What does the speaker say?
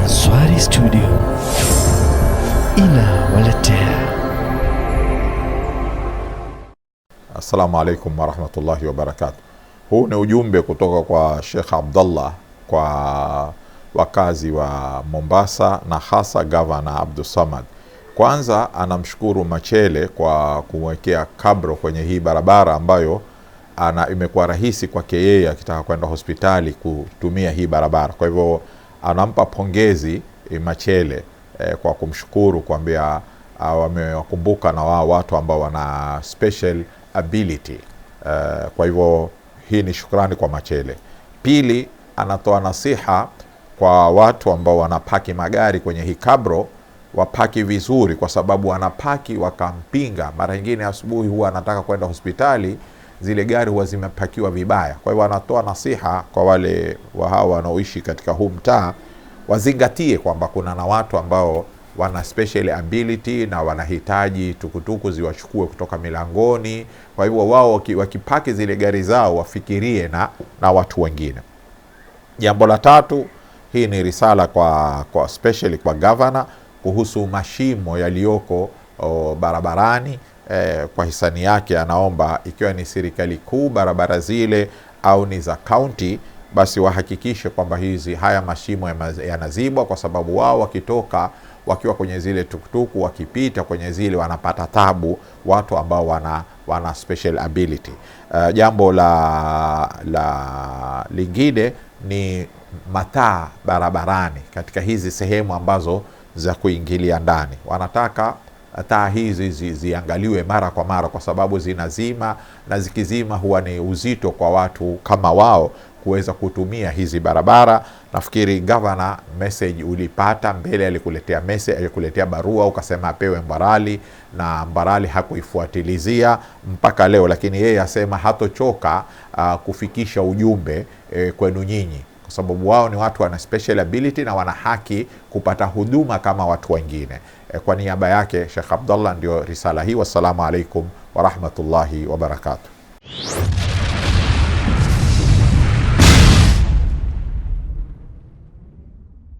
Answari Studio inawaletea. Assalamu alaikum warahmatullahi wabarakatu. Huu ni ujumbe kutoka kwa Sheikh Abdallah kwa wakazi wa Mombasa na hasa gavana Abdusamad. Kwanza anamshukuru Machele kwa kumwekea kabro kwenye hii barabara ambayo ana imekuwa rahisi kwake yeye akitaka kwenda hospitali kutumia hii barabara. Kwa hivyo anampa pongezi eh, Machele eh, kwa kumshukuru kwambia ah, wamewakumbuka na wao watu ambao wana special ability eh, kwa hivyo hii ni shukrani kwa Machele. Pili, anatoa nasiha kwa watu ambao wanapaki magari kwenye hii kabro wapaki vizuri, kwa sababu wanapaki wakampinga. Mara nyingine asubuhi huwa anataka kwenda hospitali zile gari huwa zimepakiwa vibaya. Kwa hiyo wanatoa nasiha kwa wale wa hao wanaoishi katika huu mtaa wazingatie kwamba kuna na watu ambao wana special ability na wanahitaji tukutuku ziwachukue kutoka milangoni. Kwa hivyo wao wakipaki zile gari zao wafikirie na, na watu wengine. Jambo la tatu, hii ni risala kwa, kwa special kwa governor kuhusu mashimo yaliyoko oh, barabarani eh, kwa hisani yake anaomba ikiwa ni serikali kuu barabara zile au ni za kaunti, basi wahakikishe kwamba hizi haya mashimo yanazibwa, kwa sababu wao wakitoka wakiwa kwenye zile tukutuku wakipita kwenye zile wanapata tabu watu ambao wana, wana special ability. Uh, jambo la, la lingine ni mataa barabarani katika hizi sehemu ambazo za kuingilia ndani wanataka taa hizi zi, ziangaliwe mara kwa mara, kwa sababu zinazima na zikizima huwa ni uzito kwa watu kama wao kuweza kutumia hizi barabara. Nafikiri gavana message ulipata mbele, alikuletea message, alikuletea barua ukasema apewe Mbarali na Mbarali hakuifuatilizia mpaka leo, lakini yeye asema hatochoka uh, kufikisha ujumbe eh, kwenu nyinyi kwa sababu wao ni watu wana special ability na wana haki kupata huduma kama watu wengine. Eh, kwa niaba yake shekh abdallah ndio risala hii. Wassalamu alaikum warahmatullahi wabarakatuh.